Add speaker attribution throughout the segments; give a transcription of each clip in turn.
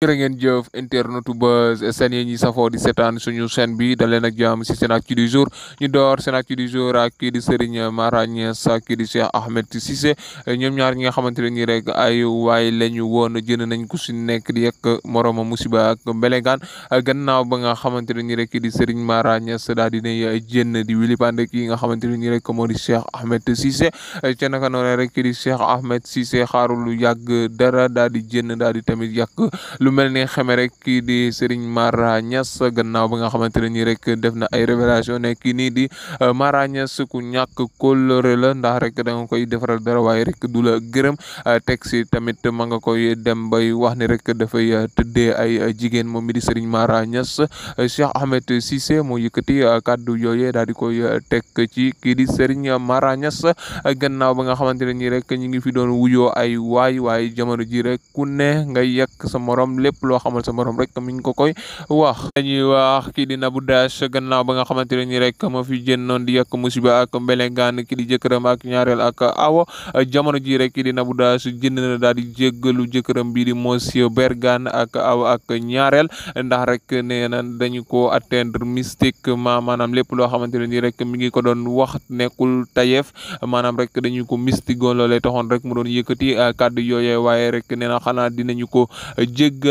Speaker 1: jërë ngeen jëf internetu buzz seen yi ñi safoo di seetaan suñu chaîne bi da leen ak jàmm si seen actu du jour ñu door seen actu du jour ak kii di Serigne Mara Niass ak kii di Cheikh Ahmed Cissé ñoom ñaar ñi nga xamante ne nii rek waay la ñu woon jënd nañ ku si nekk di yekk musiba ak gannaaw ba nga xamante ne nii rek kii di Serigne Mara Niass daal di ne jënd di wili pande kii nga xamante ne nii rek moo di Cheikh Ahmed Cissé ca naka noonu rek kii di Cheikh Ahmed Cissé xaarul lu yàgg dara daal di jënd daal di tamit yàq lu mel ni nga xamee rek kii di Serigne Mara gannaaw ba nga xamante ne nii rek def na ay révélation ne kii nii di euh, Mara Niass ku ñàkk kóllëre la ndax rek da nga koy defaral dara waaye rek du la gërëm euh, teg si tamit ma nga koy dem bay wax ni rek dafay euh, tëddee ay jigéen moom mi di Serigne Mara Niass Cheikh Ahmed Cissé moo yëkkati kàddu yooyee daal di koy teg ci kii di Serigne Mara Niass gannaaw ba nga xamante rek ñu ngi fi doon wuyoo ay waay waaye jamono ji rek ku nga yekk sa morom lépp loo xamal sa morom rek mi ko koy wax dañuy wax kii di Nabou Dash gannaaw ba nga xamante ne nii rek moo fi génnoon di yàq musiba ak mbelengaan kii di jëkkëram ak ñaareel ak awa jamono ji rek kii di Nabou Dash génn na daal di jéggalu jëkkëram bii di monsieur Bergan ak awa ak ñaareel ndax rek nee na dañu ko atteindre mystiquement maanaam lépp loo xamante ne nii rek mi ngi ko doon wax nekkul tayeef maanaam rek dañu ko mystiquement loolee taxoon rek mu doon yëkkati ah, kàddu yooyee rek nee na xanaa dinañu ko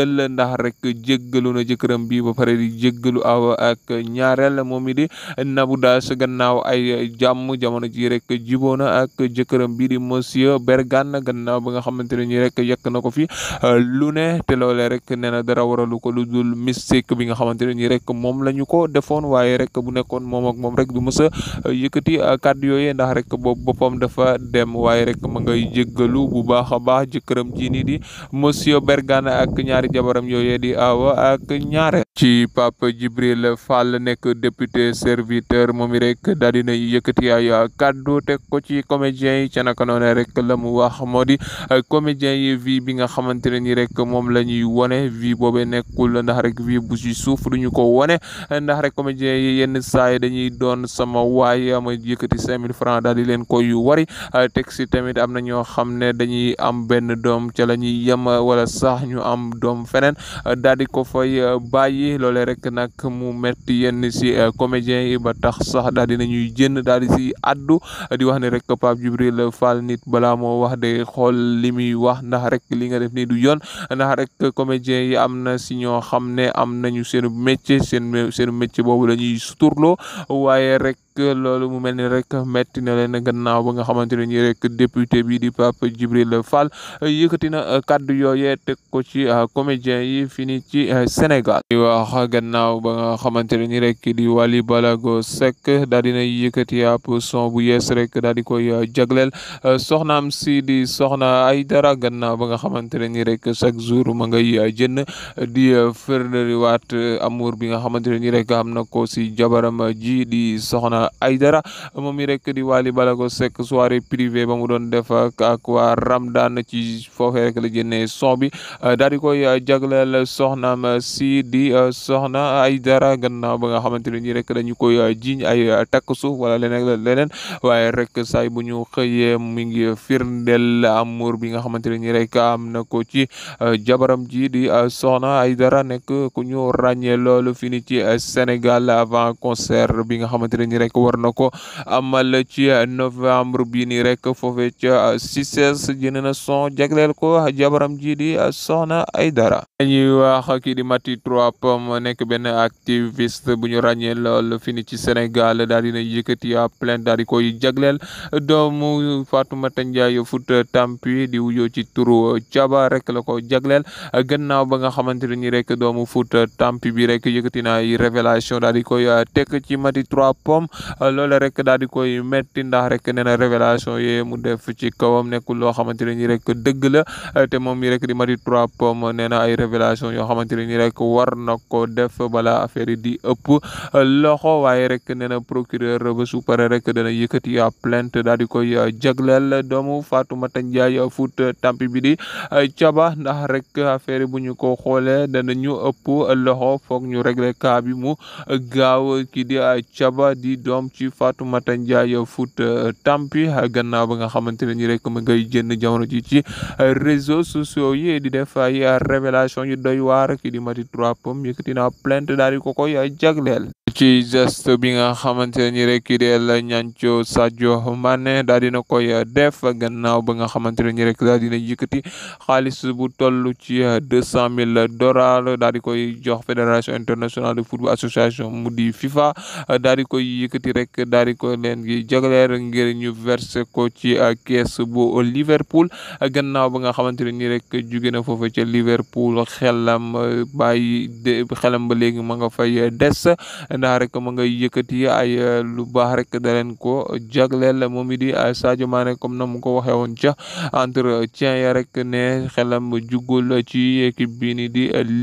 Speaker 1: jéggal ndax rek jéggalu na jëkkëram bi ba pare di jéggalu aw ak ñaareel moom it di Nabou Dash gannaaw ay jàmm jamono ji rek jiboo na ak jëkkëram bi di monsieur Bergane gannaaw ba nga xamante ne nii rek yekk na ko fi euh, lu ne te loolee rek nee na dara waralu ko lu dul mystique bi nga xamante ne nii rek moom la ñu ko defoon waaye rek bu nekkoon moom ak moom rek du mës a euh, yëkkati euh, kàddu yooyu ndax rek boobu boppam dafa dem waaye rek ma ngay jéggalu bu baax a baax jëkkëram ji nii di monsieur Bergane ak ñaari jabaram yooyee di awa ak ñaare ci Pape Djibril Fall nekk député serviteur moom i rek daal dina yëkkati ay kàddu teg ko ci comédiens yi ca naka noonu rek la mu wax moo di comédiens yi vie bi nga xamante ne ni rek moom la ñuy wone vie boobee nekkul ndax rek vie bu si suuf duñu ko wone ndax rek comédiens yi yenn saa yi dañuy doon sama waay ma yëkkati cinq mille francs daal di leen koy wari teg si tamit am na ñoo xam ne dañuy am benn doom ca la ñuy yem wala sax ñu am doom moom feneen euh, daal di ko fay euh, bàyyi loole rek nag mu metti yenn si euh, comédiens yi ba tax sax daal di nañuy jënn daal di si addu di wax ne rek Pape Djibril Fall nit balaa moo wax de xool li muy wax ndax rek li nga def nii du yoon ndax rek comédiens yi am na si ñoo xam ne am nañu seen métier seen seen métier boobu la ñuy suturloo waaye rek loolu mu mel ni rek metti na leen gannaaw ba nga xamante ne nii rek député bi di Pape Djibril Fall yëkkati na kaddu yooyee teg ko ci ah, comédien yi fii nii ci eh, Sénégal di gannaaw ba nga xamante ne nii rek di Wally Balago sek daal dina yëkkati ab son bu yes rek daal di koy ah, jaglel eh, soxnaam si di soxna dara gannaaw ba nga xamante ne nii rek chaque jour ma ngay ah, jënn di eh, ferderiwaat amour bi nga xamante ne nii rek am na ko si jabaram ji di soxna Aidara moom mi rek di Wally Balago Seck soirée privée ba mu doon def ak waa Ramdan ci foofee rek la génnee son bi euh, daal di koy euh, jagleel soxnaam si di euh, soxna ba nga xamante ne nii rek dañu koy jiiñ ay takk suuf wala leneen leneen waaye rek saay bu ñu xëyee mi ngi firndeel amour bi nga xamante ne nii rek am na ko ci jabaram ji di soxna Aidara nekk ku ñu ràññee loolu fii ci Sénégal avant concert bi nga xamante ne rek rek war na ko amal ci novembre bii nii rek foofee ca Cices jënd na son jagleel ko jabaram ji di Soxna Aydara dañuy wax kii di Maty Trois Pommes nekk benn activiste bu ñu ràññee lool fi ni ci Sénégal daal dina yëkkati plainte daal di koy jagleel doomu Fatoumata Ndiaye Fouta Tampi di wuyoo ci turu jabar rek la ko jagleel gannaaw ba nga xamante ne nii rek doomu Fouta Tampi bi rek yëkkati na ay révélation daal di koy tekk ci Maty Trois Pommes Euh, loole rek daal di koy metti ndax rek nee na révélation yee mu def ci kawam nekkul loo xamante ne nii rek dëgg la euh, te moom mi rek di Maty Trois Pommes nee na ay révélation yoo xamante ne nii rek war na ko def bala affaire yi di ëpp euh, loxo waaye rek nee na procureur ba su pare rek dana yëkkati plainte daal di koy jagleel doomu Fatoumata Ndiaye foot tampi bi di caba ndax rek affaire bu ñu ko xoolee dana ñu ëpp loxo foog ñu régler cas mu gaaw ki di caba di doom ci Fatoumata Ndiaye Fouta euh, Tampi gannaaw ba nga xamante ne nii rek mu ngay jënd jamono ji ci euh, réseaux sociaux yi di def ay euh, révélation yu doy waar ki di Mati trois pommes yëkkati na plainte daal di ko koy jagleel. ci geste bi nga xamante ni rek kii deel ñanco Sadio Mané daal dina koy def gannaaw ba nga xamante ne ni rek daal dina yëkkati xaalis bu toll ci deux cent mille dollars daal di koy jox fédération internationale de football association mu di FIFA daal koy yëkkati yëkkati rek daal di ko leen gi ngir ñu verse ko ci kees bu Liverpool gannaaw ba nga xamante ne nii rek jóge na foofu ca Liverpool xelam bàyyi de xelam ba léegi ma nga fay des ndax rek ma nga yëkkati ay lu baax rek da leen ko jagleel moom it di Sadio Mané comme na mu ko waxee woon ca entretien ya rek ne xelam jugul ci équipe bii ni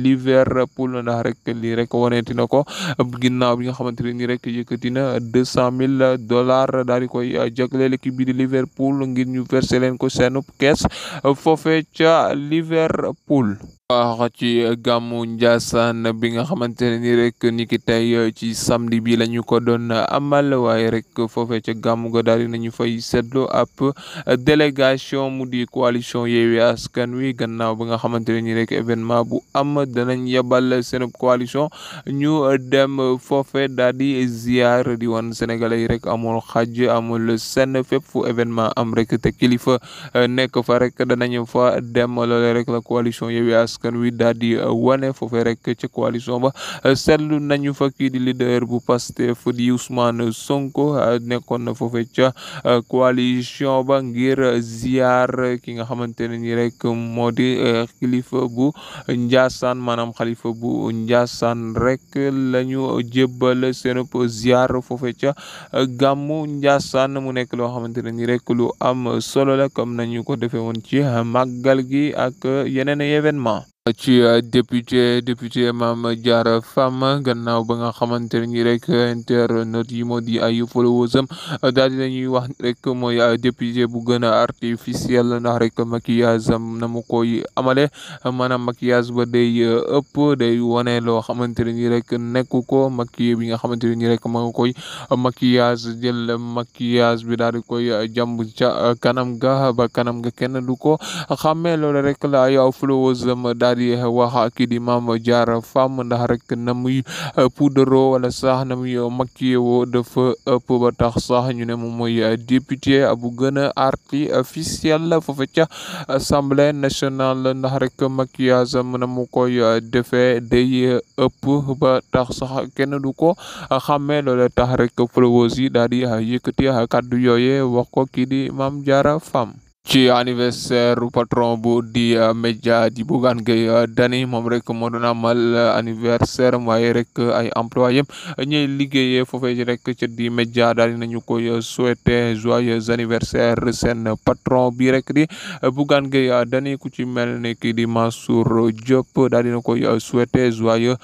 Speaker 1: Liverpool ndax rek lii rek woneeti na ko ginnaaw bi nga xamante ne rek yëkkati deux cent mille dollars daal di koy euh, jagleel équipe bi di Liverpool ngir ñu verser leen ko seen kees foofee ca Liverpool. wax ci gàmmu Ndiassane bi nga xamante ne ni rek ni ki ci samedi bi lañu ko doon amal waaye rek foofee ca gàmmu ga daal nañu fay seetlu ab délégation mu di coalition Yewwi Askan Wi gannaaw ba nga xamante ne ni rek événement bu am danañ yebal seen coalition ñu dem foofe daal di ziar di wan Sénégalais yi rek amul xaj amul senn fépp fu événement am rek te kilifa nekk fa rek danañ fa dem loole rek la coalition Yewwi Askan askan wi daal di uh, wane foofee rek ca coalition ba uh, seetlu nañu fa kii di leader bu Pastef di Ousmane Sonko uh, nekkoon na foofee ca coalition ba ngir ziar ki nga xamante ne nii rek moo di xalifa bu Ndiassane maanaam xalifa bu Ndiassane rek lañu jébal seen ziar foofee ca gàmmu Ndiassane mu nekk loo xamante ne nii rek lu am solo la comme nañu ko defee woon ci màggal gi ak yeneen événement ci euh, député député Mame Diarra Fam gannaaw ba nga xamante ni rek euh, internautes yi moo di ay followers am euh, daal di lañuy wax rek mooy député bu gën a artificiel ndax rek maquillage am na mu koy amale maanaam maquillage ba day ëpp day wane loo xamante ni rek nekku ko maquillé bi nga xamante ni rek ma nga koy maquillage jël maquillage bi daal di koy jàmb ca kanam ga ba kanam ga kenn du ko xàmmee rek la ay followers am daal di wax kii di maam jaara fam ndax rek na muy uh, puudaroo wala sax na muy makkiyewoo dafa ëpp ba tax sax ñu ne moom mooy uh, député bu gën a artificiel foofa ca assemblée nationale ndax rek maquillage mën na mu koy uh, defee day ëpp ba tax sax kenn du ko xàmmee loola tax rek followers yi daal di yëkkati kàddu yooye wax ko kii maam jaara fam ci anniversaire patron bu di uh, média di Bougane Gueye uh, Dany moom rek moo doon amal uh, anniversaire waaye rek ay employé liggéeye liggéeyee foofee rek ci di média daal di nañu koy souhaiter joyeux anniversaire sen patron bi rek di Bougane Gueye Dany ku ci mel ne kii di Mansour Diop daal dina koy souhaiter joyeux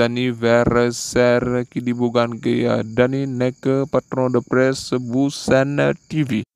Speaker 1: anniversaire kii di Bougane Gueye Dany nekk patron de presse bu Sen TV